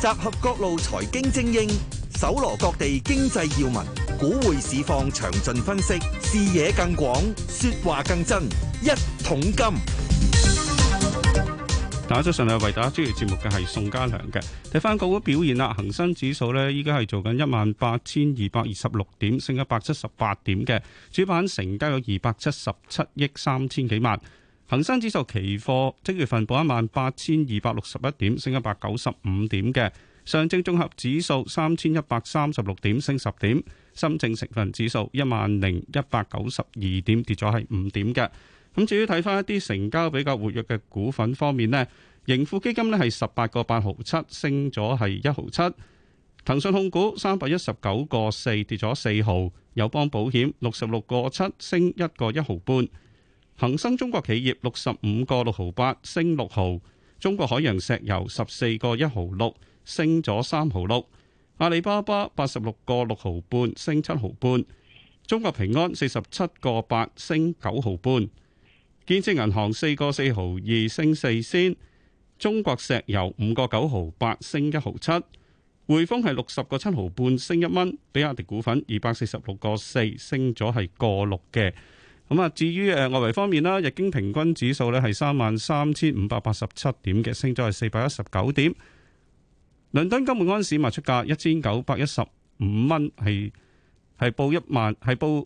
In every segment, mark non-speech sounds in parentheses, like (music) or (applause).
集合各路財經精英，搜羅各地經濟要聞，股匯市況詳盡分析，視野更廣，說話更真，一桶金。打咗上嚟為大家主持節目嘅係宋家良嘅。睇翻港股表現啦，恒生指數呢，依家係做緊一萬八千二百二十六點，升一百七十八點嘅，主板成交有二百七十七億三千幾萬。恒生指數期貨即月份報一萬八千二百六十一點，升一百九十五點嘅。上證綜合指數三千一百三十六點，升十點。深證成分指數一萬零一百九十二點，跌咗係五點嘅。咁至於睇翻一啲成交比較活躍嘅股份方面呢，盈富基金呢係十八個八毫七，升咗係一毫七。騰訊控股三百一十九個四，跌咗四毫。友邦保險六十六個七，升一個一毫半。恒生中國企業六十五個六毫八升六毫，中國海洋石油十四個一毫六升咗三毫六，阿里巴巴八十六個六毫半升七毫半，中國平安四十七個八升九毫半，建設銀行四個四毫二升四仙，中國石油五個九毫八升一毫七，匯豐係六十個七毫半升一蚊，比亞迪股份二百四十六個四升咗係個六嘅。咁啊，至於誒外圍方面啦，日經平均指數咧係三萬三千五百八十七點嘅，升咗係四百一十九點。倫敦金本安市賣出價一千九百一十五蚊，係係報一萬，係報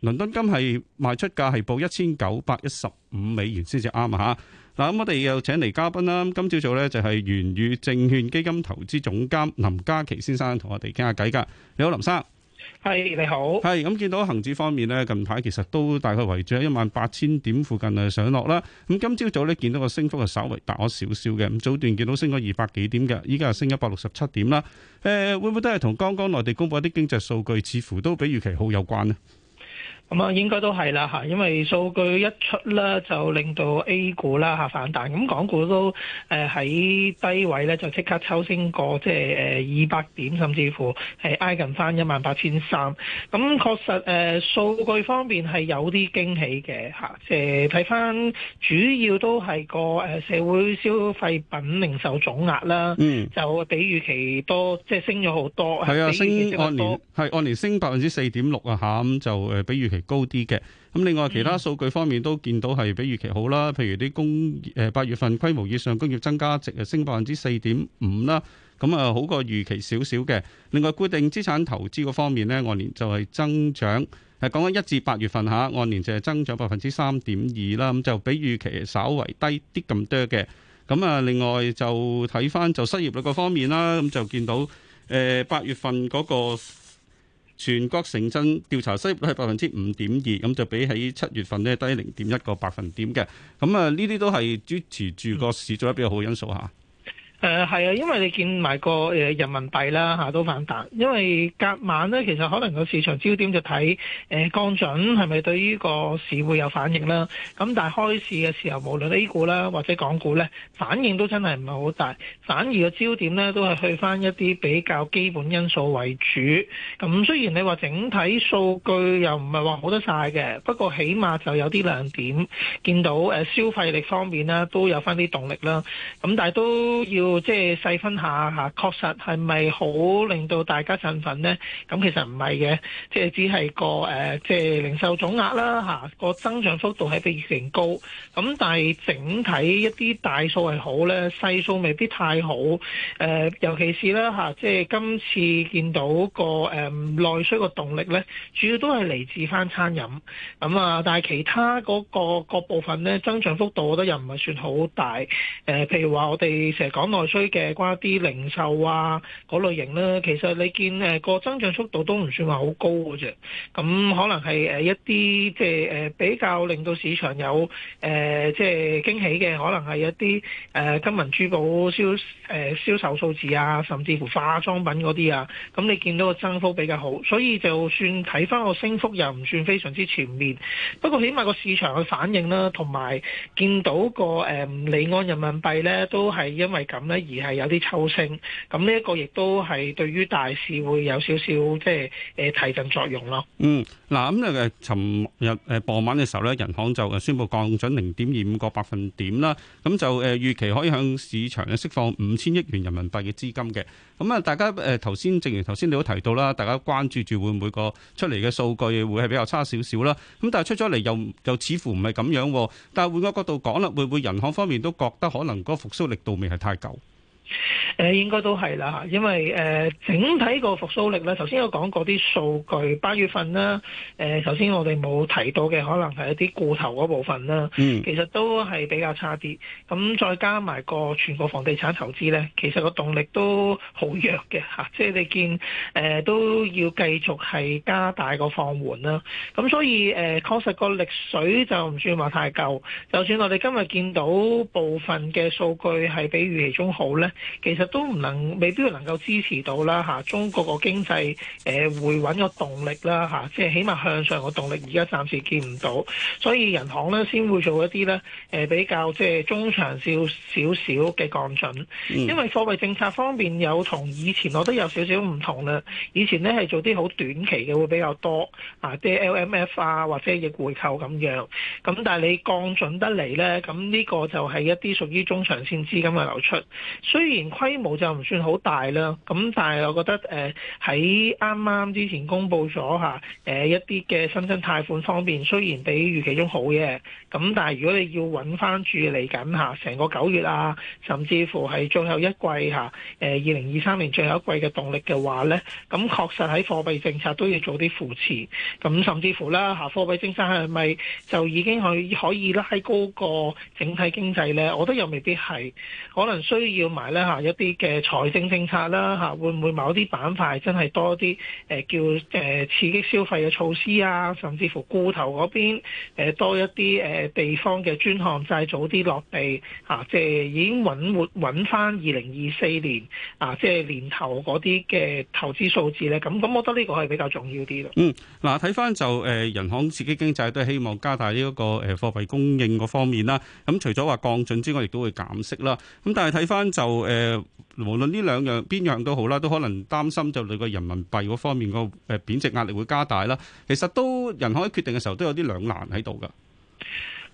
倫敦金係賣出價係報一千九百一十五美元先至啱啊！嚇，嗱咁我哋又請嚟嘉賓啦，今朝早咧就係元宇證券基金投資總監林嘉琪先生同我哋傾下偈㗎。你好，林生。係，你好。係咁見到恒指方面呢，近排其實都大概圍住喺一萬八千點附近啊上落啦。咁今朝早呢，見到個升幅係稍微大咗少少嘅，咁早段見到升咗二百幾點嘅，依家係升一百六十七點啦。誒，會唔會都係同剛剛內地公布一啲經濟數據，似乎都比預期好有關呢？咁啊，應該都係啦嚇，因為數據一出咧，就令到 A 股啦嚇，反彈。咁港股都誒喺低位咧，就即刻抽升過即係誒二百點，甚至乎係挨近翻一萬八千三。咁確實誒數據方面係有啲驚喜嘅嚇。誒睇翻主要都係個誒社會消費品零售總額啦，嗯，就比預期多，即係升咗好多。係啊，升按年係按年升百分之四點六啊嚇。咁就誒，比預期。高啲嘅，咁另外其他數據方面都見到係比預期好啦，譬如啲工業誒八月份規模以上工業增加值升百分之四點五啦，咁啊好過預期少少嘅。另外固定資產投資方面呢，按年就係增長，係講緊一至八月份吓，按年就係增長百分之三點二啦，咁就比預期稍為低啲咁多嘅。咁啊，另外就睇翻就失業率個方面啦，咁就見到誒八月份嗰個。全國城鎮調查失業率係百分之五點二，咁就比喺七月份咧低零點一個百分點嘅，咁啊呢啲都係支持住個市做得比較好嘅因素嚇。誒、呃、係啊，因為你見埋個人民幣啦嚇、啊、都反彈，因為隔晚咧其實可能個市場焦點就睇誒降準係咪對於個市會有反應啦。咁、啊、但係開市嘅時候，無論 A 股啦或者港股咧，反應都真係唔係好大，反而個焦點咧都係去翻一啲比較基本因素為主。咁、啊、雖然你話整體數據又唔係話好得晒嘅，不過起碼就有啲亮點，見到、啊、消費力方面啦都有翻啲動力啦。咁、啊、但係都要。即係細分下嚇，確實係咪好令到大家振奮呢？咁其實唔係嘅，即係只係個誒，即係零售總額啦嚇，個增長幅度係比以前高。咁但係整體一啲大數係好咧，細數未必太好。誒，尤其是咧嚇，即係今次見到個誒內需個動力咧，主要都係嚟自返餐飲。咁啊，但係其他嗰個各部分咧增長幅度，我覺得又唔係算好大。誒，譬如話我哋成日講內，需嘅關一啲零售啊嗰類型啦，其實你見誒個、呃、增長速度都唔算話好高嘅啫，咁可能係誒一啲即係誒比較令到市場有誒、呃、即係驚喜嘅，可能係一啲誒、呃、金銀珠寶銷誒銷售數字啊，甚至乎化妝品嗰啲啊，咁你見到個增幅比較好，所以就算睇返個升幅又唔算非常之全面，不過起碼個市場嘅反應啦、啊，同埋見到、個誒離岸人民幣呢，都係因為咁。咁咧，而係有啲抽升，咁呢一個亦都係對於大市會有少少即係誒提振作用咯。嗯，嗱，咁咧誒，尋日誒傍晚嘅時候咧，人行就誒宣布降準零點二五個百分點啦，咁就誒預期可以向市場咧釋放五千億元人民幣嘅資金嘅。咁啊，大家誒頭先，正如頭先你都提到啦，大家關注住會唔會個出嚟嘅數據會係比較差少少啦。咁但係出咗嚟又又似乎唔係咁樣。但係換個角度講啦，會唔會人行方面都覺得可能個復甦力度未係太夠？誒，應該都係啦，因為誒整體個復蘇力咧，頭先我講過啲數據，八月份啦誒，頭先我哋冇提到嘅，可能係一啲固投嗰部分啦，嗯，其實都係比較差啲。咁再加埋個全國房地產投資咧，其實個動力都好弱嘅吓，即係你見誒都要繼續係加大個放緩啦。咁所以誒，確實個力水就唔算話太夠。就算我哋今日見到部分嘅數據係比預期中好咧。其實都唔能，未必能夠支持到啦嚇、啊。中國個經濟誒、呃、會穩個動力啦嚇、啊，即係起碼向上個動力而家暫時見唔到，所以人行咧先會做一啲咧誒比較即係中長少少少嘅降準，因為貨幣政策方面有同以前我覺得有少少唔同啦。以前咧係做啲好短期嘅會比較多啊，啲 LMF 啊或者逆回購咁樣，咁但係你降準得嚟咧，咁呢個就係一啲屬於中長線資金嘅流出，所以。雖然規模就唔算好大啦，咁但係我覺得喺啱啱之前公布咗嚇誒一啲嘅新增貸款方面，雖然比預期中好嘅，咁但係如果你要揾翻住嚟緊嚇成個九月啊，甚至乎係最後一季嚇誒二零二三年最後一季嘅動力嘅話呢，咁確實喺貨幣政策都要做啲扶持，咁甚至乎啦嚇貨幣政策係咪就已經可以拉高個整體經濟呢？我覺得又未必係，可能需要埋。咧嚇一啲嘅財政政策啦嚇，會唔會某啲板塊真係多啲誒叫誒刺激消費嘅措施啊？甚至乎固投嗰邊多一啲誒地方嘅專項債早啲落地嚇，即係已經揾活揾翻二零二四年啊，即係年頭嗰啲嘅投資數字咧。咁，咁我覺得呢個係比較重要啲嘞。嗯，嗱睇翻就誒人行刺激經濟都希望加大呢一個誒貨幣供應嗰方面啦。咁除咗話降準之外，亦都會減息啦。咁但係睇翻就誒，無論呢兩樣邊樣都好啦，都可能擔心就你個人民幣嗰方面個誒貶值壓力會加大啦。其實都人可以決定嘅時候都有啲兩難喺度㗎。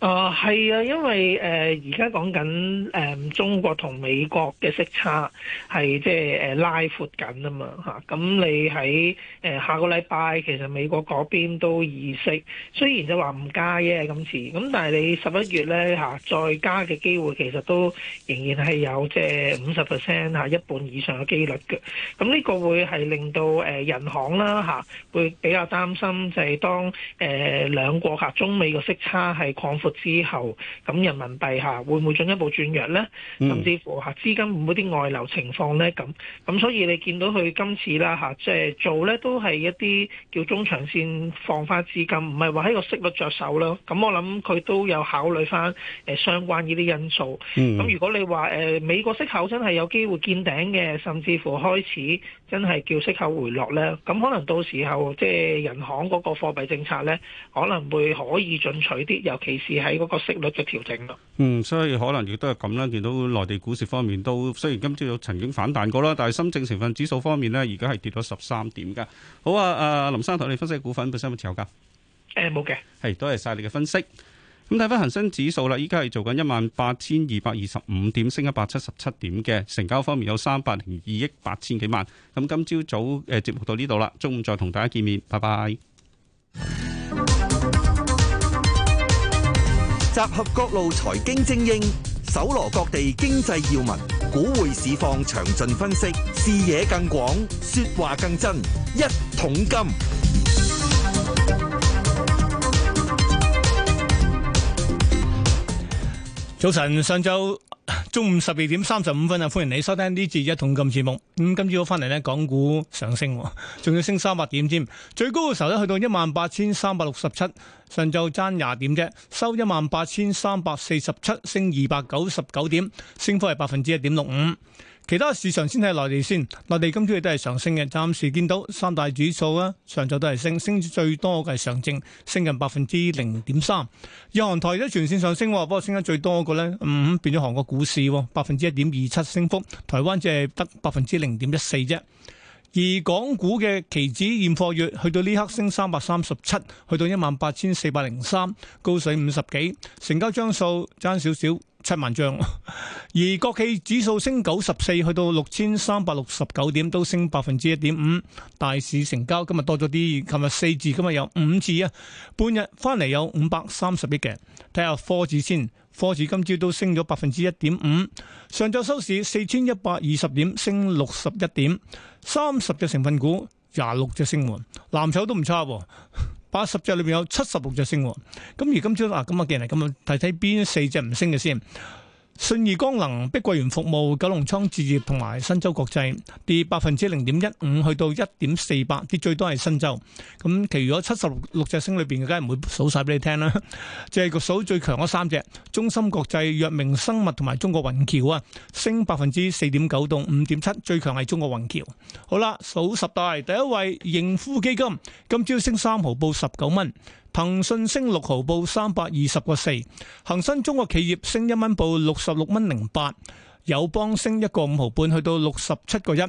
啊，係啊，因為誒而家講緊誒中國同美國嘅息差係即係拉闊緊啊嘛，咁你喺誒、啊、下個禮拜其實美國嗰邊都意識，雖然就話唔加啫今次，咁但係你十一月咧再、啊、加嘅機會其實都仍然係有即係五十 percent 一半以上嘅機率嘅，咁呢個會係令到誒銀、啊、行啦嚇、啊、會比較擔心，就，就係當誒兩國嚇、啊、中美嘅息差係擴闊。之後咁人民幣嚇會唔會進一步轉弱呢？甚至乎嚇資金唔會啲外流情況呢？咁咁所以你見到佢今次啦嚇，即、啊、係、就是、做呢都係一啲叫中長線放翻資金，唔係話喺個息率着手啦。咁我諗佢都有考慮翻誒相關呢啲因素。咁、嗯、如果你話誒、呃、美國息口真係有機會見頂嘅，甚至乎開始。真係叫息口回落咧，咁可能到時候即係人行嗰個貨幣政策咧，可能會可以進取啲，尤其是喺嗰個息率嘅調整咯。嗯，所以可能亦都係咁啦。見到內地股市方面都雖然今朝早曾經反彈過啦，但係深證成分指數方面咧，而家係跌咗十三點噶。好啊，阿林生同你分析股份本身有冇持有㗎？誒，冇嘅，係多謝晒你嘅分析。咁睇翻恒生指數啦，依家係做緊一萬八千二百二十五點，升一百七十七點嘅成交方面有三百零二億八千幾萬。咁今朝早嘅節目到呢度啦，中午再同大家見面，拜拜。集合各路財經精英，搜羅各地經濟要聞，股匯市況詳盡分析，視野更廣，說話更真，一桶金。早晨，上晝中午十二點三十五分啊！歡迎你收聽呢節一桶金節目。咁、嗯、今朝翻嚟，呢港股上升，仲要升三百點添。最高嘅時候呢，去到一萬八千三百六十七，上晝爭廿點啫，收一萬八千三百四十七，升二百九十九點，升幅係百分之一點六五。其他市場先睇內地先，內地今朝亦都係上升嘅，暫時見到三大指數啊，上晝都係升，升最多嘅係上證，升近百分之零點三。日韓台都全線上升，不過升得最多嘅呢，嗯，變咗韓國股市，百分之一點二七升幅，台灣只係得百分之零點一四啫。而港股嘅期指現貨月去到呢刻升三百三十七，去到一萬八千四百零三，高水五十幾，成交張數爭少少七萬張。而國企指數升九十四，去到六千三百六十九點，都升百分之一點五。大市成交今日多咗啲，琴日四字，今日有五字啊。半日翻嚟，有五百三十億嘅，睇下科字先。科指今朝都升咗百分之一點五，上晝收市四千一百二十點，升六十一點，三十隻成分股，廿六隻升換，藍籌都唔差，八十隻裏面有七十六隻升，咁而今朝啊，咁啊，既然係咁啊，睇睇邊四隻唔升嘅先。信義光能、碧桂園服務、九龍倉置業同埋新洲國際跌百分之零點一五，去到一點四八，跌最多係新洲。咁其餘嗰七十六隻升，裏邊梗係唔會數晒俾你聽啦。即 (laughs) 係個數最強嗰三隻：中芯國際、藥明生物同埋中國雲橋啊，升百分之四點九到五點七，最強係中國雲橋。好啦，數十大第一位盈富基金，今朝升三毫報，報十九蚊。騰訊升六毫報三百二十個四，恒生中國企業升一蚊報六十六蚊零八，友邦升一個五毫半去到六十七個一。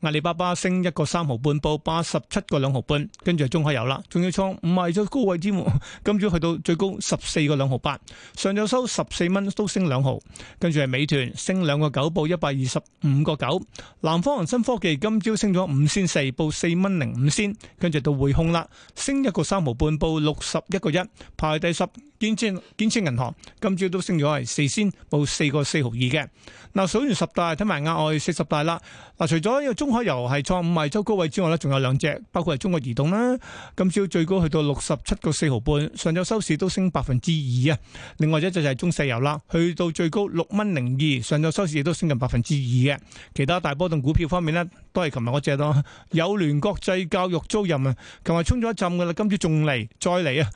阿里巴巴升一個三毫半，報八十七個兩毫半，跟住中海油啦，仲要創唔係咗最高位之王。今朝去到最高十四個兩毫八，上晝收十四蚊，都升兩毫。跟住係美團升兩個九，報一百二十五個九。南方恒生科技今朝升咗五仙四，報四蚊零五仙。跟住到匯控啦，升一個三毫半，報六十一個一，排第十。建設建設銀行今朝都升咗係四仙，報四個四毫二嘅。嗱，數完十大，睇埋額外四十大啦。嗱，除咗中。中海油係創五十周高位之外呢，仲有兩隻，包括係中國移動啦。今朝最高去到六十七個四毫半，上晝收市都升百分之二啊。另外一隻就係中石油啦，去到最高六蚊零二，上晝收市亦都升近百分之二嘅。其他大波動股票方面呢，都係琴日嗰隻咯。友聯國際教育租賃啊，琴日衝咗一浸噶啦，今朝仲嚟，再嚟啊！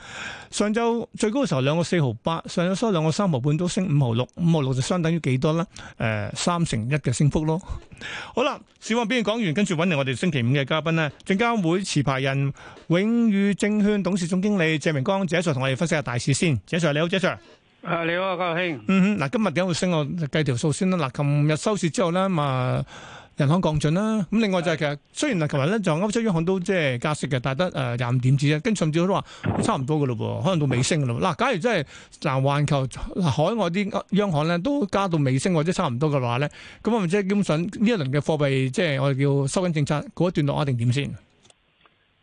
上晝最高嘅時候兩個四毫八，上晝收兩個三毫半，都升五毫六，五毫六就相等於幾多呢？誒、呃，三成一嘅升幅咯。好啦，市況邊？講完跟住揾嚟，我哋星期五嘅嘉賓咧，證監會持牌人永宇證券董事總經理謝明光，謝 Sir 同我哋分析下大市先。謝 Sir，你好，謝 Sir。誒、啊，你好，嘉慶。嗯哼，嗱，今日點解會升？我計條數先啦。嗱，琴日收市之後咧，啊。人行降準啦、啊，咁另外就係其實雖然啊，琴日咧就歐洲央行都即係加息嘅，但係得誒廿五點子啫，跟住甚至都話差唔多嘅咯喎，可能到尾聲嘅咯。嗱，假如真係嗱，環球海外啲央行咧都加到尾聲或者差唔多嘅話咧，咁我咪即係基本上呢一輪嘅貨幣即係、就是、我哋叫收緊政策嗰一、那個、段落，一定點先？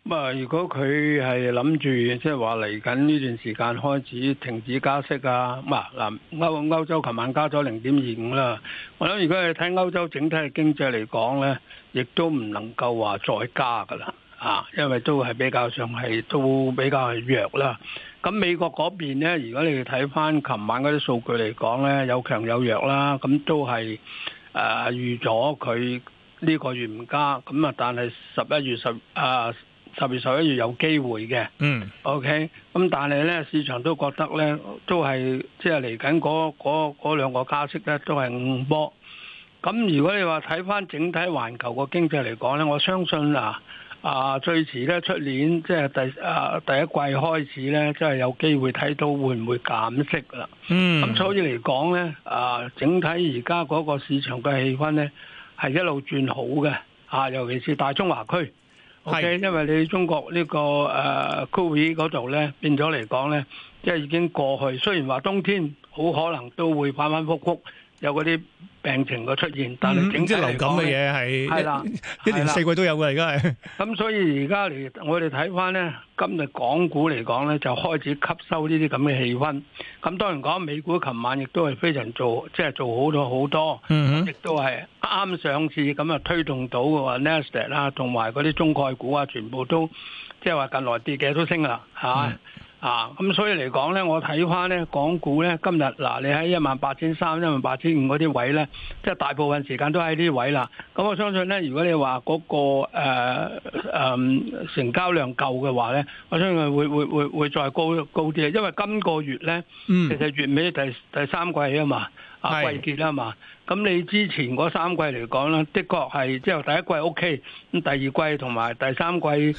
咁啊！如果佢係諗住即係話嚟緊呢段時間開始停止加息啊，咁啊嗱，歐歐洲琴晚加咗零點二五啦。我諗如果係睇歐洲整體嘅經濟嚟講咧，亦都唔能夠話再加噶啦，啊，因為都係比較上係都比較係弱啦。咁美國嗰邊咧，如果你哋睇翻琴晚嗰啲數據嚟講咧，有強有弱啦，咁都係誒、啊、預咗佢呢個月唔加，咁啊，但係十一月十啊。十月十一月有機會嘅，嗯，OK，咁但係咧，市場都覺得咧都係即係嚟緊嗰嗰嗰兩個加息咧都係五波。咁如果你話睇翻整體環球個經濟嚟講咧，我相信啊啊最遲咧出年即係第啊第一季開始咧，即係有機會睇到會唔會減息啦。嗯，咁所以嚟講咧啊，整體而家嗰個市場嘅氣氛咧係一路轉好嘅，啊，尤其是大中華區。Okay. OK，因為你中國、這個 uh, 那呢個誒 COVID 嗰度咧變咗嚟講咧，即、就、係、是、已經過去。雖然話冬天好可能都會反反覆覆。有嗰啲病情嘅出現，但係整、嗯、即係流感嘅嘢係，係啦，一年四季都有嘅，而家係。咁所以而家嚟，我哋睇翻咧，今日港股嚟講咧，就開始吸收呢啲咁嘅氣氛。咁當然講美股，琴晚亦都係非常做，即、就、係、係、做好咗好多。嗯，亦都係啱上次咁啊推動到嘅話，Nasdaq 啦，同埋嗰啲中概股啊，全部都即係話近來跌嘅都升啦，係。嗯啊，咁、嗯、所以嚟講咧，我睇翻咧，港股咧今日嗱、啊，你喺一萬八千三、一萬八千五嗰啲位咧，即係大部分時間都喺呢啲位啦。咁我相信咧，如果你話嗰、嗰個誒、呃呃呃、成交量夠嘅話咧，我相信會會會會再高高啲啊。因為今個月咧、嗯，其實月尾第第三季啊嘛，啊季結啊嘛。咁你之前嗰三季嚟講咧，的確係即係第一季 OK，咁第二季同埋第三季。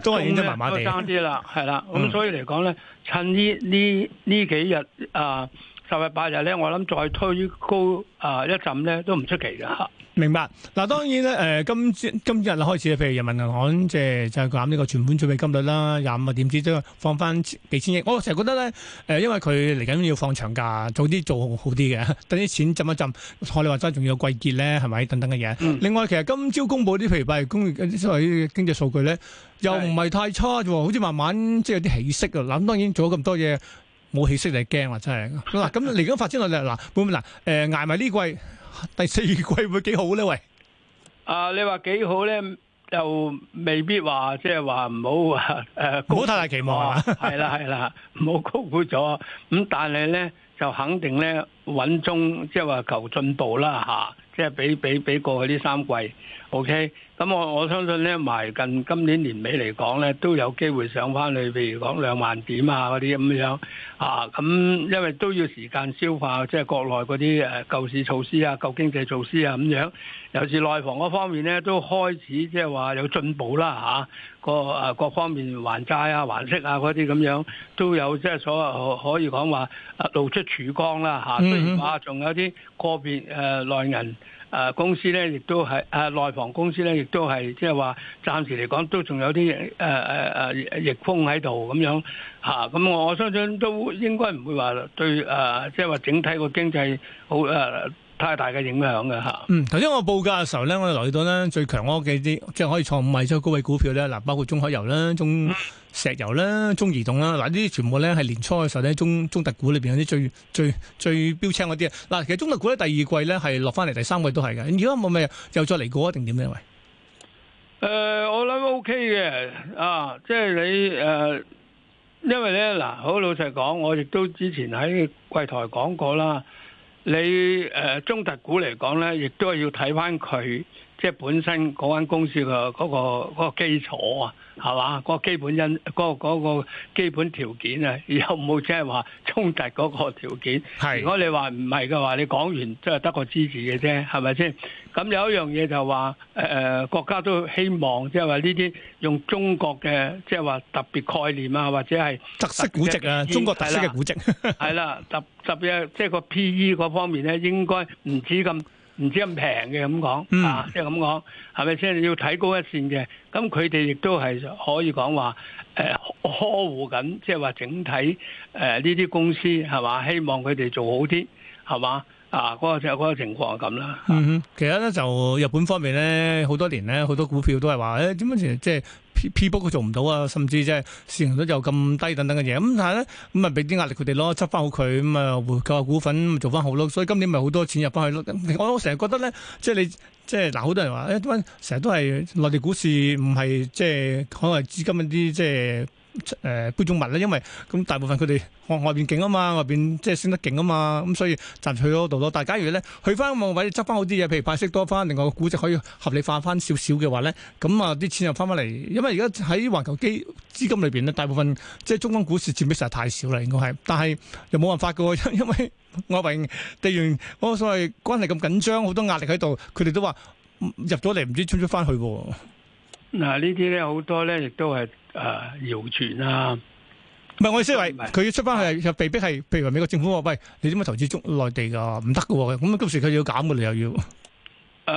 誒，都係影得麻麻地，爭啲啦，係啦，咁所以嚟講咧，趁呢呢呢幾日啊～十日八日咧，我諗再推高啊、呃、一陣咧，都唔出奇嘅。明白嗱，當然咧，誒、呃、今朝今日開始，譬如人民銀行即係就減呢個存款準備金率啦，廿五啊點子即放翻幾千億。我成日覺得咧，誒、呃、因為佢嚟緊要放長假，早啲做好啲嘅，等啲錢浸一浸。我哋話齋仲有季結咧，係咪等等嘅嘢，嗯？另外，其實今朝公布啲譬如貿易公所謂經濟數據咧，又唔係太差啫，好似慢慢即係有啲起色啊。咁當然做咗咁多嘢。冇氣息你驚啦，真係嗱，咁嚟緊發展落嚟嗱，會唔會嗱、誒捱埋呢季第四季會幾好咧？喂，啊你話幾好咧，就未必話即係話唔好啊，誒，唔好太大期望啊，係啦係啦，唔好高估咗咁，但係咧就肯定咧穩中即係話求進步啦嚇，即係比比比過去呢三季。O K，咁我我相信咧，埋近今年年尾嚟講咧，都有機會上翻去，譬如講兩萬點啊嗰啲咁樣啊。咁因為都要時間消化，即係國內嗰啲誒救市措施啊、救經濟措施啊咁樣。尤其內房嗰方面咧，都開始即係話有進步啦吓。個誒各方面還債啊、還息啊嗰啲咁樣，都有即係所謂可以講話露出曙光啦吓。雖然話仲有啲個別誒內銀。啊、公司咧，亦都係誒、啊、內房公司咧，亦都係即係話，暫時嚟講都仲有啲誒誒誒逆風喺度咁樣、啊、咁我相信都應該唔會話對誒，即係話整體個經濟好誒，啊太大嘅影響嘅吓，嗯，頭先我報價嘅時候咧，我留意到咧最強嘅啲即係可以創五位即高位股票咧，嗱，包括中海油啦、中石油啦、中移動啦，嗱，呢啲全部咧係年初嘅時候咧，中中特股裏邊有啲最最最標青嗰啲啊，嗱，其實中特股咧第二季咧係落翻嚟，來第三季都係嘅，如果冇咩又再嚟過一定點咧喂？誒、呃，我諗 O K 嘅啊，即係你誒、呃，因為咧嗱，好老實講，我亦都之前喺櫃台講過啦。你誒、呃、中特股嚟講咧，亦都係要睇翻佢即係本身嗰間公司嘅嗰個嗰個基礎啊。係嘛？嗰個基本因，嗰、嗰個嗰個基本條件啊，有冇即係話衝突嗰個條件？係如果你話唔係嘅話，你講完即係得個支持嘅啫，係咪先？咁有一樣嘢就話，誒、呃、國家都希望即係話呢啲用中國嘅即係話特別概念啊，或者係特，特色古跡啊、即係，中國特色嘅古跡。係啦，特特別即係個 P E 嗰方面咧，應該唔止咁。唔知咁平嘅咁講啊，即係咁講，係咪先要睇高一線嘅？咁佢哋亦都係可以講話，誒、呃，呵護緊即係話整體誒呢啲公司係嘛？希望佢哋做好啲係嘛？是吧啊，嗰、那個就嗰、那個情況咁啦、啊。嗯哼，其實咧就日本方面咧，好多年咧，好多股票都係話，誒點解其實即係 P P book 佢做唔到啊，甚至即係市盈率又咁低等等嘅嘢。咁但係咧，咁咪俾啲壓力佢哋咯，執翻好佢咁啊，回購下股份咪做翻好咯。所以今年咪好多錢入翻去咯。我成日覺得咧，即係你即係嗱，好多人話誒點解成日都係內地股市唔係即係可能資金的一啲即係。就是誒、呃，杯中物咧，因為咁大部分佢哋往外邊勁啊嘛，外邊即係升得勁啊嘛，咁所以賺咗去嗰度咯。但係假如咧去翻個位，執翻好啲嘢，譬如派息多翻，另外個估值可以合理化翻少少嘅話咧，咁啊啲錢又翻翻嚟。因為而家喺環球基資金裏邊呢，大部分即係中央股市佔比實在太少啦，應該係。但係又冇辦法嘅，因為外榮地緣嗰所謂關係咁緊張，好多壓力喺度，佢哋都話入咗嚟，唔知出唔出翻去。嗱，呢啲咧好多咧，亦都係誒謠傳啊！唔係，我意思係佢要出翻去係被逼係，譬如話美國政府話：喂，你點解投資中內地㗎？唔得嘅喎，咁啊，今時佢要減嘅啦，你又要。誒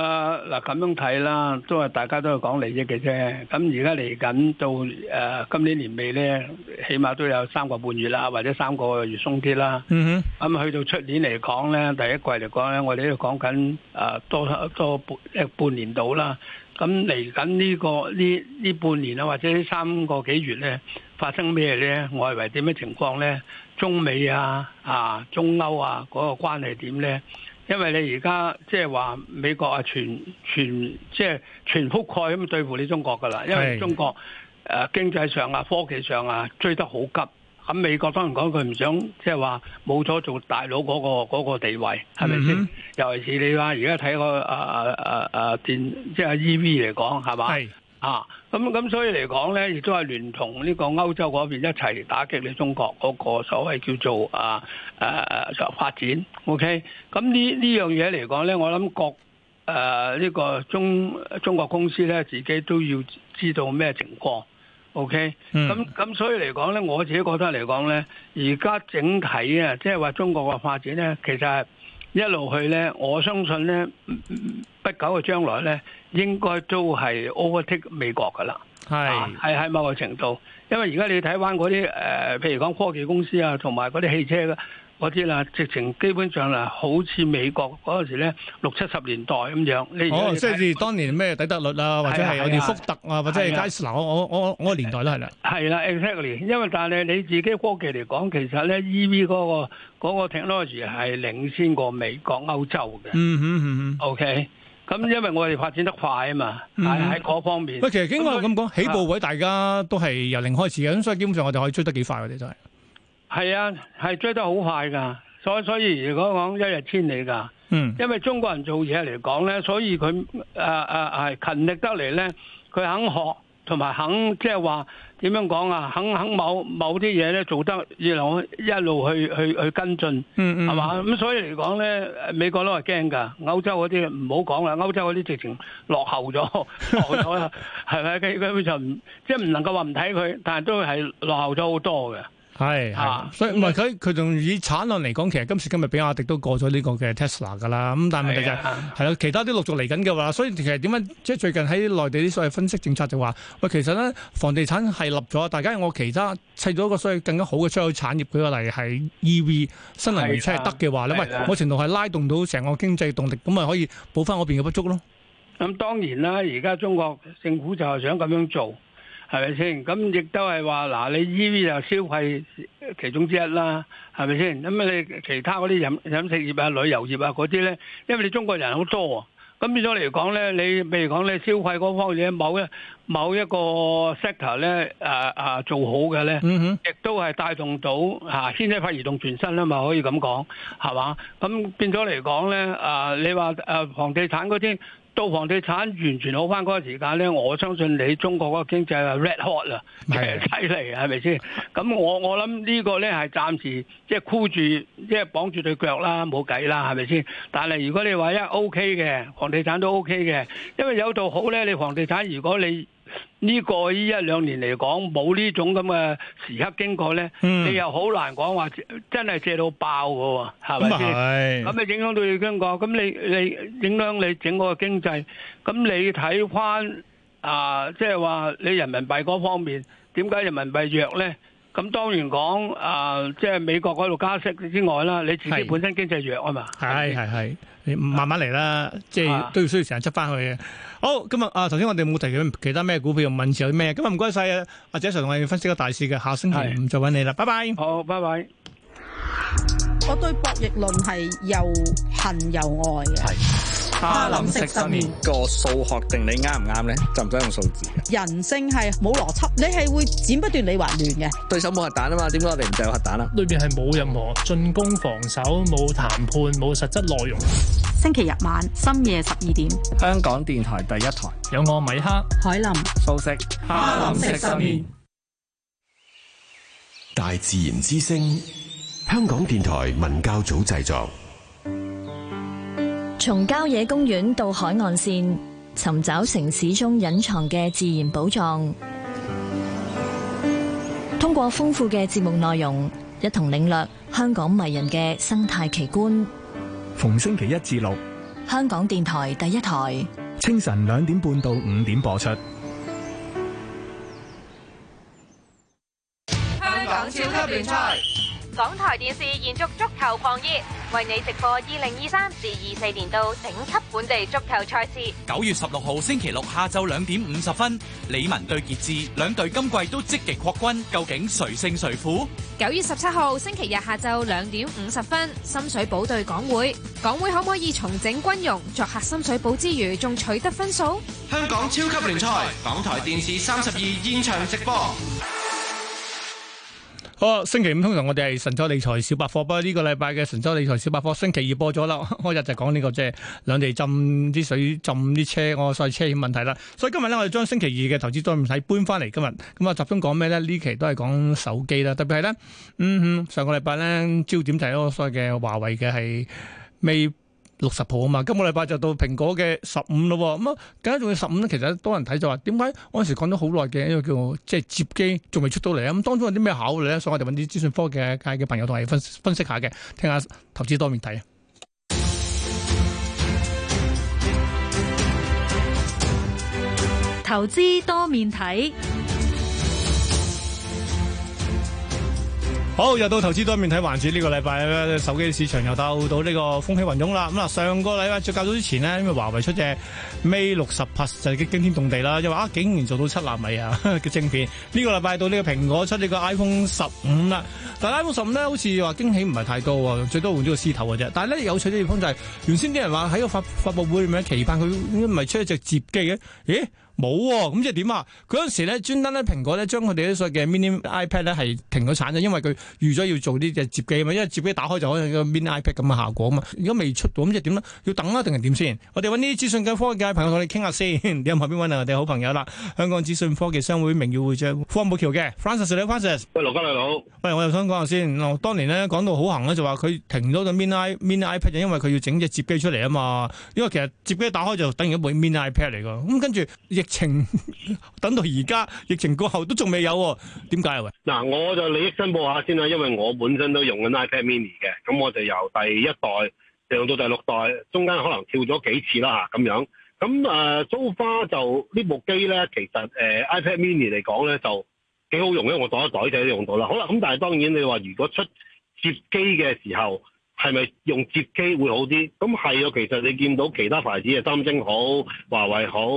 嗱，咁樣睇啦，都係大家都係講利益嘅啫。咁而家嚟緊到誒今年年尾咧，起碼都有三個半月啦，或者三個月鬆啲啦。嗯哼。咁去到出年嚟講咧，第一季嚟講咧，我哋呢度講緊誒多多半誒半年度啦。咁嚟緊呢個呢呢半年啊，或者呢三個幾月咧，發生咩咧？外圍點嘅情況咧？中美啊啊，中歐啊嗰個關係點咧？因為你而家即係話美國啊，全全即係全覆蓋咁對付你中國㗎啦，因為中國、啊、經濟上啊、科技上啊追得好急。咁美國當然講佢唔想，即係話冇咗做大佬嗰、嗰個嗰個地位，係咪先？Mm-hmm. 尤其是你話而家睇個誒誒誒誒電，即、就、係、是、EV 嚟講，係嘛？係啊，咁咁所以嚟講咧，亦都係聯同呢個歐洲嗰邊一齊嚟打擊你中國嗰個所謂叫做啊誒誒、啊、發展。OK，咁呢呢樣嘢嚟講咧，我諗各誒呢、啊呢個中中國公司咧，自己都要知道咩情況。O K，咁咁所以嚟講咧，我自己覺得嚟講咧，而家整體啊，即係話中國嘅發展咧，其實係一路去咧。我相信咧，不久嘅將來咧，應該都係 overtake 美國噶啦，係係喺某個程度。因為而家你睇翻嗰啲誒，譬如講科技公司啊，同埋嗰啲汽車嘅。嗰啲啦，直情基本上啦，好似美國嗰陣時咧，六七十年代咁樣。哦，即係當年咩底特律啊，或者係有啲福特啊，或者係佳士拿，我我我個年代都係啦，係啦。係啦，exactly，因為但係你自己科技嚟講，其實咧，EV 嗰個嗰個 technology 係領先過美國歐洲嘅。嗯嗯嗯嗯，OK，咁因為我哋發展得快啊嘛，喺喺嗰方面。喂，其實應該咁講，起步位大家都係由零開始嘅，咁所以基本上我哋可以追得幾快嗰啲就係。係啊，係追得好快噶，所以所以如果講一日千里噶。嗯。因為中國人做嘢嚟講咧，所以佢誒誒係勤力得嚟咧，佢肯學，同埋肯即係話點樣講啊？肯肯某某啲嘢咧做得，然後一路去去去跟進。嗯嗯。係嘛？咁所以嚟講咧，美國都係驚噶，歐洲嗰啲唔好講啦，歐洲嗰啲直情落後咗， (laughs) 落後咗，係咪？佢根本就唔即係唔能夠話唔睇佢，但係都係落後咗好多嘅。係，所以唔係佢，佢仲以產量嚟講，其實今時今日比亞迪都過咗呢個嘅 Tesla 噶啦。咁但係問題就係係啦，其他啲陸續嚟緊嘅話，所以其實點樣即係最近喺內地啲所謂分析政策就話，喂，其實咧房地產係立咗，大家，假如我其他砌咗個所謂更加好嘅出口產業，舉個例係 EV 新能源車得嘅話咧，喂、啊、某、啊、程度係拉動到成個經濟動力，咁咪可以補翻我邊嘅不足咯。咁當然啦，而家中國政府就係想咁樣做。係咪先？咁亦都係話嗱，你 E.V. 就消費其中之一啦，係咪先？咁啊，你其他嗰啲飲飲食業啊、旅遊業啊嗰啲咧，因為你中國人好多喎，咁變咗嚟講咧，你譬如講你消費嗰方面，某一某一個 sector 咧，誒、啊、誒、啊、做好嘅咧，哼，亦都係帶動到嚇牽一髮而動全身啊嘛，可以咁講，係嘛？咁變咗嚟講咧，誒、啊、你話誒、啊、房地產嗰啲。做房地產完全好翻嗰個時間咧，我相信你中國嗰個經濟係 red hot 啦，犀利係咪先？咁我我諗呢個咧係暫時即係箍住，即係綁住對腳啦，冇計啦，係咪先？但係如果你話一 OK 嘅房地產都 OK 嘅，因為有度好咧，你房地產如果你。呢個呢一兩年嚟講，冇呢種咁嘅時刻經過呢，你又好難講話真係借到爆噶，係咪先？咁你影響到你經過，咁你你影響你整個經濟，咁你睇翻啊，即係話你人民幣嗰方面，點解人民幣弱呢？咁當然講啊、呃，即係美國嗰度加息之外啦，你自己本身經濟弱啊嘛。係係係，你慢慢嚟啦、啊，即係都要需要時間執翻去嘅。好，今日啊頭先我哋冇提及其他咩股票，問住有咩？今日唔該晒啊，謝 Sir 同我哋分析個大市嘅，下星期五就搵你啦，拜拜。好，拜拜。我對博弈論係又恨又愛嘅。哈林食生麵，個數學定理啱唔啱咧？就唔使用數字，人性係冇邏輯，你係會剪不斷理還亂嘅。對手冇核彈啊嘛，點解我哋唔掟核彈啊？裏邊係冇任何進攻、防守、冇談判、冇實質內容。星期日晚深夜十二點，香港電台第一台有我米克、海林、素食。哈林食生麵。大自然之聲，香港電台文教組製作。從郊野公園到海岸綫，尋找城市中隱藏嘅自然寶藏。通過豐富嘅節目內容，一同領略香港迷人嘅生態奇觀。逢星期一至六，香港電台第一台，清晨兩點半到五點播出。香港超級聯賽，港台電視延續足球狂熱，為你直播二零二三至二四年度頂級本地足球賽事。九月十六號星期六下晝兩點五十分，李文對傑志，兩隊今季都積極擴軍，究竟誰勝誰負？九月十七號星期日下晝兩點五十分，深水埗對港會，港會可唔可以重整軍容，作客深水埗之餘，仲取得分數？香港超級聯賽，港台電視三十二現場直播。哦，星期五通常我哋係神州理財小百貨，不過呢個禮拜嘅神州理財小百貨星期二播咗啦，開日就講呢、呢個即係兩地浸啲水浸啲車，我、哦、所謂車險問題啦。所以今日咧，我哋將星期二嘅投資多媒體搬翻嚟今日，咁啊集中講咩咧？呢期都係講手機啦，特別係咧，嗯哼，上個禮拜咧，焦點就係我所謂嘅華為嘅係未。六十號啊嘛，今個禮拜就到蘋果嘅十五咯，咁啊，更加仲要十五咧。其實多人睇就話，點解嗰陣時講咗好耐嘅呢個叫即係接機，仲未出到嚟啊？咁當中有啲咩考慮咧？所以我哋揾啲資訊科技界嘅朋友同我哋分分析下嘅，聽下投資多面睇啊！投資多面睇。好，又到投資多面睇環節呢、這個禮拜咧，手機市場又鬥到呢個風起雲湧啦。咁嗱，上個禮拜最較早之前呢，因為華為出隻 Mate 六十 Plus 就已經驚天動地啦，因為啊，竟然做到七納米啊嘅晶 (laughs) 片。呢、這個禮拜到呢個蘋果出呢個 iPhone 十五啦，但係 iPhone 十五咧好似話驚喜唔係太多喎，最多換咗個 C 頭嘅啫。但係咧有趣嘅地方就係、是，原先啲人話喺個發發佈會裏面期盼佢唔係出一隻摺機嘅，咦？冇喎，咁即係點啊？嗰陣、啊、時咧，專登咧，蘋果咧，將佢哋所謂嘅 mini iPad 咧係停咗產嘅，因為佢預咗要做呢隻摺機啊嘛，因為摺機打開就可以個 mini iPad 咁嘅效果啊嘛。而家未出，咁即係點呢？要等啊，定係點先？我哋揾啲資訊科技界朋友同你哋傾下先。 (laughs) 你喺旁邊揾啊，我哋好朋友啦，香港資訊科技商會名譽會長方保僑嘅 Francis 咧，Francis，喂，羅家麗老，喂，我又想講下先。嗱、哦，當年呢，講到好行呢，就話佢停咗個 mini mini iPad 就因為佢要整隻摺機出嚟啊嘛。因為其實摺機打開就等於一部 mini iPad 嚟噶，咁、嗯、跟住亦。情 (laughs) 等到而家，疫情過後都仲未有喎，點解啊？嗱，我就利益申報一下先啦，因為我本身都用緊 iPad Mini 嘅，咁我就由第一代用到第六代，中間可能跳咗幾次啦，咁樣。咁誒，蘇、呃、花就呢部機咧，其實誒、呃、iPad Mini 嚟講咧就幾好用嘅，我袋一袋仔都用到啦。好啦，咁但係當然你話如果出接機嘅時候。係咪用摺機會好啲？咁係啊，其實你見到其他牌子嘅三星好、華為好，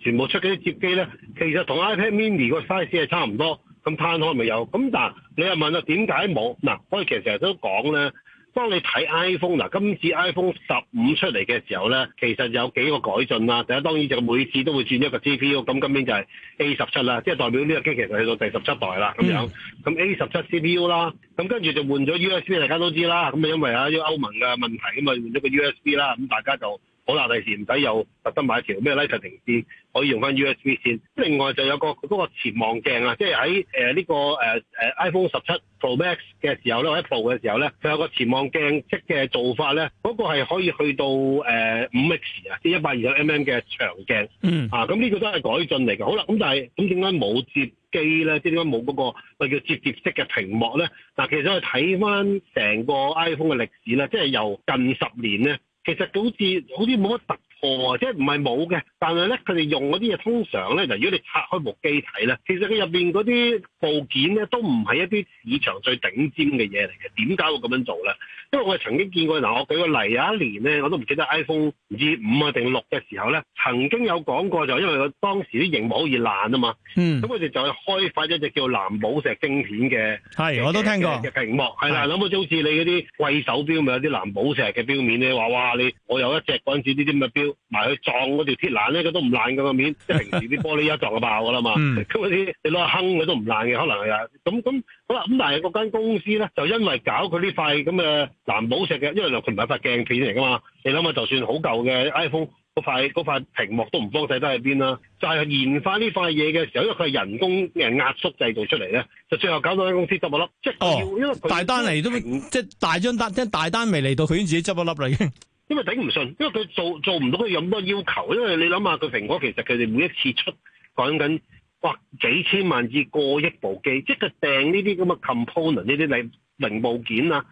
全部出嗰啲摺機咧，其實同 iPad Mini 個 size 係差唔多，咁攤開咪有。咁但你又問啦，點解冇？嗱，我哋其實成日都講咧。當你睇 iPhone 嗱，今次 iPhone 十五出嚟嘅時候咧，其實有幾個改進啦。第一當然就每次都會轉一個 CPU，咁今年就係 A 十七啦，即係代表呢個機其實去到第十七代啦咁樣。咁 A 十七 CPU 啦，咁跟住就換咗 USB，大家都知啦。咁啊因為啊啲歐盟嘅問題，咁啊換咗個 USB 啦，咁大家就。好啦，第時唔使又特登買一條咩 Lightning 線可以用翻 USB 線。另外就有個嗰個潛望鏡啦，即係喺誒呢個誒、uh, uh, iPhone 十七 Pro Max 嘅時候咧，或者 Pro 嘅時候咧，佢有個潛望鏡式嘅做法咧，嗰個係可以去到誒五 X 啊，即係一百二十 mm 嘅長鏡。嗯、mm.。啊，咁呢個都係改進嚟嘅。好啦，咁但係咁點解冇摺機咧？即係點解冇嗰個叫摺疊式嘅屏幕咧？嗱，其實我哋睇翻成個 iPhone 嘅歷史咧，即係由近十年咧。其實一，佢好似好似冇乜特。哦，即係唔係冇嘅，但係咧佢哋用嗰啲嘢通常咧，就如果你拆開部機睇咧，其實佢入邊嗰啲部件咧都唔係一啲市場最頂尖嘅嘢嚟嘅。點解會咁樣做咧？因為我曾經見過，嗱，我舉個例，有一年咧我都唔記得 iPhone 唔知五啊定六嘅時候咧，曾經有講過就係因為佢當時啲螢幕好易爛啊嘛。嗯。咁佢哋就去開發一隻叫藍寶石晶片嘅，係我都聽過嘅屏幕，係啦，諗到就好似你嗰啲貴手錶咪有啲藍寶石嘅錶面咧，哇哇你我有一隻嗰陣時呢啲咁嘅錶。埋去撞嗰條鐵欄咧，佢都唔爛嘅個面。 (laughs) 即係平時啲玻璃一撞就爆噶啦嘛。咁嗰啲你攞下坑佢都唔爛嘅，可能係咁咁好啦。咁但係嗰間公司咧，就因為搞佢呢塊咁嘅藍寶石嘅，因為佢唔係塊鏡片嚟噶嘛。你諗下，就算好舊嘅 iPhone 嗰塊塊屏幕都唔方細得喺邊啦。就係、是、研發呢塊嘢嘅時候，因為佢係人工嘅壓縮製造出嚟咧，就最後搞到間公司執咗笠，即係因為大單嚟都即係大張單，即係大單未嚟到，佢已經自己執咗笠啦已經。因為頂唔順，因為佢做做唔到佢有咁多要求，因為你諗下，佢蘋果其實佢哋每一次出講緊哇幾千萬至過億部機，即係訂呢啲咁嘅 component 呢啲你零部件啊，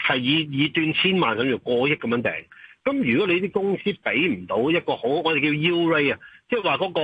係以以斷千萬甚至過億咁樣訂。咁如果你啲公司俾唔到一個好，我哋叫 yield rate 啊，即係話嗰個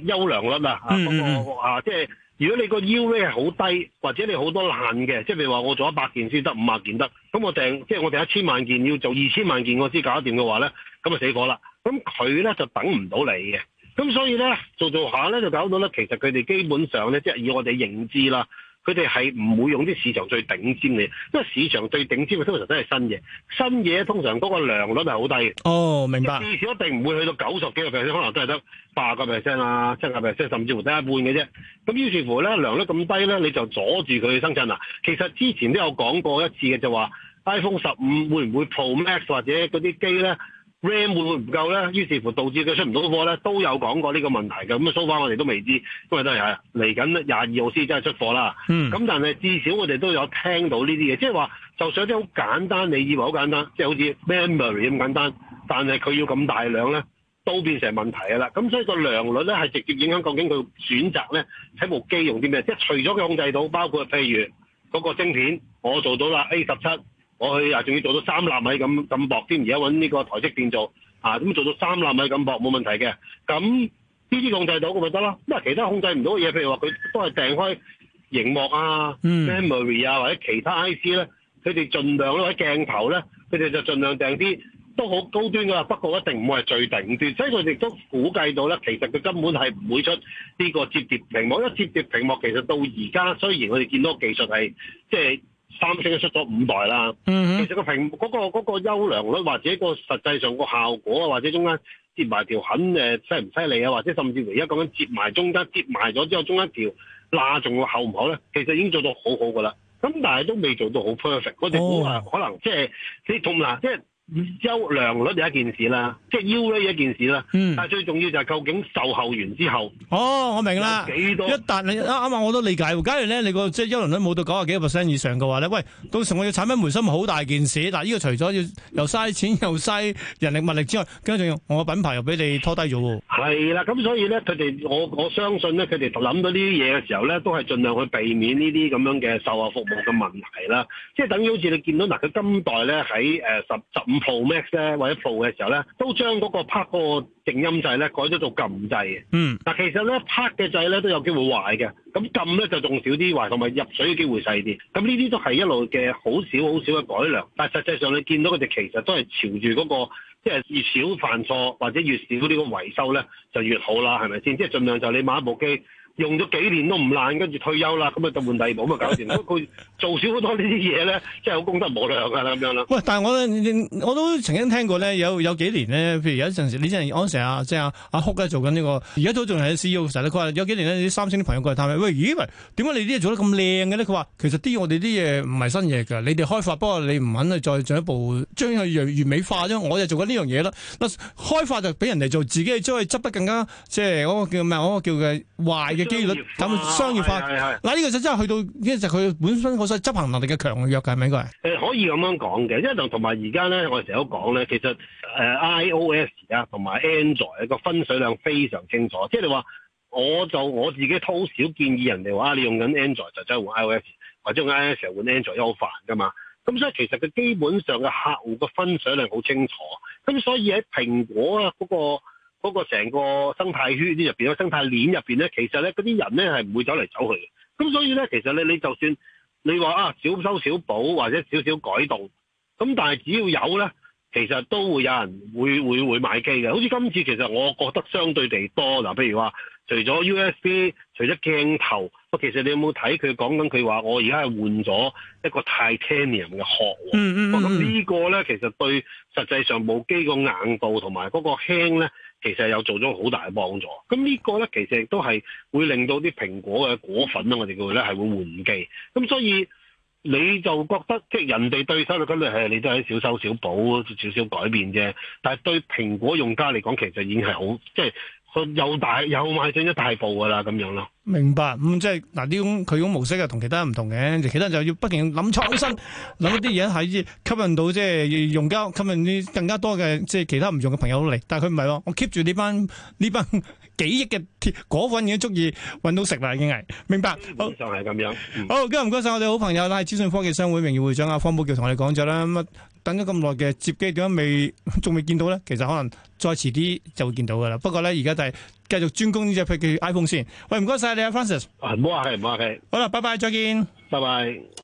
優良率嗯嗯、嗰個、啊，嗰個啊即係。如果你個腰咧係好低，或者你好多爛嘅，即係譬如話我做一百件先得五啊件得，咁我訂即係我訂一千萬件要做二千萬件，我先搞得掂嘅話咧，咁啊死火啦！咁佢咧就等唔到你嘅，咁所以咧做做下咧就搞到咧，其實佢哋基本上咧即係以我哋認知啦。佢哋係唔會用啲市場最頂尖嘅，因為市場最頂尖嘅通常都係新嘢，新嘢通常嗰個良率係好低。哦，明白。至少一定唔會去到九十幾個 percent，可能都係得八個 percent 啊，七個 percent，甚至乎得一半嘅啫。咁於是乎咧，良率咁低咧，你就阻住佢生產啦。其實之前都有講過一次嘅，就話 iPhone 十五會唔會 Pro Max 或者嗰啲機咧？Ram 會唔會唔夠咧？於是乎導致佢出唔到貨咧，都有講過呢個問題㗎。咁啊，so far 我哋都未知，因為都係嚟緊廿二號先真係出貨啦。咁、嗯、但係至少我哋都有聽到呢啲嘢，即係話，就，是、就算啲好簡單，你以為好簡單，即、就、係、是、好似 memory 咁簡單，但係佢要咁大量咧，都變成問題㗎啦。咁所以個良率咧係直接影響究竟佢選擇咧喺部機用啲咩，即、就、係、是、除咗佢控制到，包括譬如嗰、那個晶片，我做到啦 A 十七。A17, 我去啊，仲要做到三納米咁咁薄添，而家揾呢個台積電做啊，咁做到三納米咁薄冇問題嘅。咁呢啲控制到咁咪得咯。因為其他控制唔到嘅嘢，譬如話佢都係訂開熒幕啊、mm. memory 啊或者其他 IC 咧，佢哋盡量咧喺鏡頭咧，佢哋就盡量訂啲都好高端噶，不過一定唔會係最頂端。所以佢哋都估計到咧，其實佢根本係唔會出呢個摺疊屏幕。因為摺疊屏幕其實到而家雖然我哋見到技術係即係。就是三星都出咗五代啦，嗯，其實，嗰個屏嗰，嗰個嗰，嗰個優良率或者個實際上個效果啊，或者中間接埋條痕誒，犀唔犀利啊，或者甚至而家咁樣接埋中間接埋咗之後中間條罅仲厚唔厚咧？其實已經做到好好噶啦，咁但係都未做到好 perfect 嗰隻啊。oh. 可能即係你同啦即係。優良率就一件事啦，即係幺呢一件事啦、嗯，但係最重要就係究竟售後完之後，哦，我明啦，幾多一但你啱啱、啊啊、我都理解。假如咧你個即係優良率冇到九十幾 percent 以上嘅話咧，喂，到時我要產品回心好大件事。但嗱，呢個除咗要又嘥錢又嘥人力物力之外，更加重要，我品牌又俾你拖低咗。係啦，咁所以咧，佢哋我我相信咧，佢哋諗到呢啲嘢嘅時候咧，都係盡量去避免呢啲咁樣嘅售後服務嘅問題啦。即係等於好似你見到嗱，佢、呃、今代咧喺誒十十。Pro Max 咧或者 Pro 嘅時候咧，都將嗰個拍嗰個靜音掣咧改咗做撳掣嘅。嗯，嗱其實咧拍嘅掣咧都有機會壞嘅，咁撳咧就仲少啲壞，同埋入水嘅機會細啲。咁呢啲都係一路嘅好少好少嘅改良，但實際上你見到佢哋其實都係朝住嗰個，即係越少犯錯或者越少呢個維修咧就越好啦，係咪先？即係盡量就你買一部機。用咗幾年都唔爛，跟住退休啦，咁啊就換第二部，咁啊搞掂佢 (laughs) 做少好多呢啲嘢咧，真係好功德無量噶啦咁樣啦。喂，但係我我都曾經聽過咧，有有幾年咧，譬如有陣時，你知唔知安成啊，即係阿阿酷咧做緊、這、呢個，而家都仲係 C E O 實力。佢話有幾年咧，啲三星啲朋友過嚟探咧，喂，咦喂，點解你啲嘢做得咁靚嘅咧？佢話其實啲我哋啲嘢唔係新嘢㗎，你哋開發，不過你唔肯去再進一步將佢完美化啫。我就做緊呢樣嘢啦，開發就俾人哋做，自己係將佢執得更加，即係嗰個叫咩啊？嗰個叫嘅壞嘅。機率咁商業化，嗱呢、啊、個就真係去到呢個就佢、是、本身嗰個執行能力嘅強弱㗎，係咪應該？可以咁樣講嘅，因為同埋而家咧，我哋成日都講咧，其實誒、呃、iOS 啊同埋 Android 個分水嶺非常清楚，即係你話我就我自己都好少建議人哋話你用緊 Android 就真係換 iOS，或者用 iOS 換 Android 都好煩㗎嘛。咁所以其實佢基本上嘅客戶個分水嶺好清楚，咁所以喺蘋果啊嗰、那個。嗰個成個生態圈啲入邊，個生態鏈入邊咧，其實咧嗰啲人咧係唔會走嚟走去嘅。咁所以咧，其實你你就算你話啊少修少補或者少少改動，咁但係只要有咧，其實都會有人會會會買機嘅。好似今次其實我覺得相對地多嗱，譬如話除咗 USB，除咗鏡頭，我其實你有冇睇佢講緊佢話我而家係換咗一個 Titanium 嘅殼？嗯嗯嗯。咁呢個咧，其實對實際上部機個硬度同埋嗰個輕咧。其實有做咗好大嘅幫助，咁呢個呢，其實亦都係會令到啲蘋果嘅果粉，我哋叫佢呢係會換機，咁所以你就覺得即係人哋對手嘅策略係你都係小修小補少少改變啫，但係對蘋果用家嚟講，其實已經係好即係又大又邁上一大步噶啦，咁樣咯。明白，咁、嗯、即係嗱，呢種佢種模式啊，同其他人唔同嘅，其他人就要不斷諗創新，諗啲嘢喺吸引到即係用家，吸引啲更加多嘅即係其他唔用嘅朋友嚟。但係佢唔係喎，我 keep 住呢班呢班幾億嘅果粉已經足以搵到食啦，已經係。明白，好，基本上係咁樣。好，好今日唔該晒我哋好朋友啦，資訊科技商會名譽會長阿方保僑同我哋講咗啦。等咗咁耐嘅接機點解未仲未見到咧？其實可能再遲啲就會見到噶啦。不過咧，而家就係繼續專攻呢隻佢嘅 iPhone 先。喂，唔該晒你啊，Francis。唔好客氣，唔好客氣。好啦，拜拜，再見。拜拜。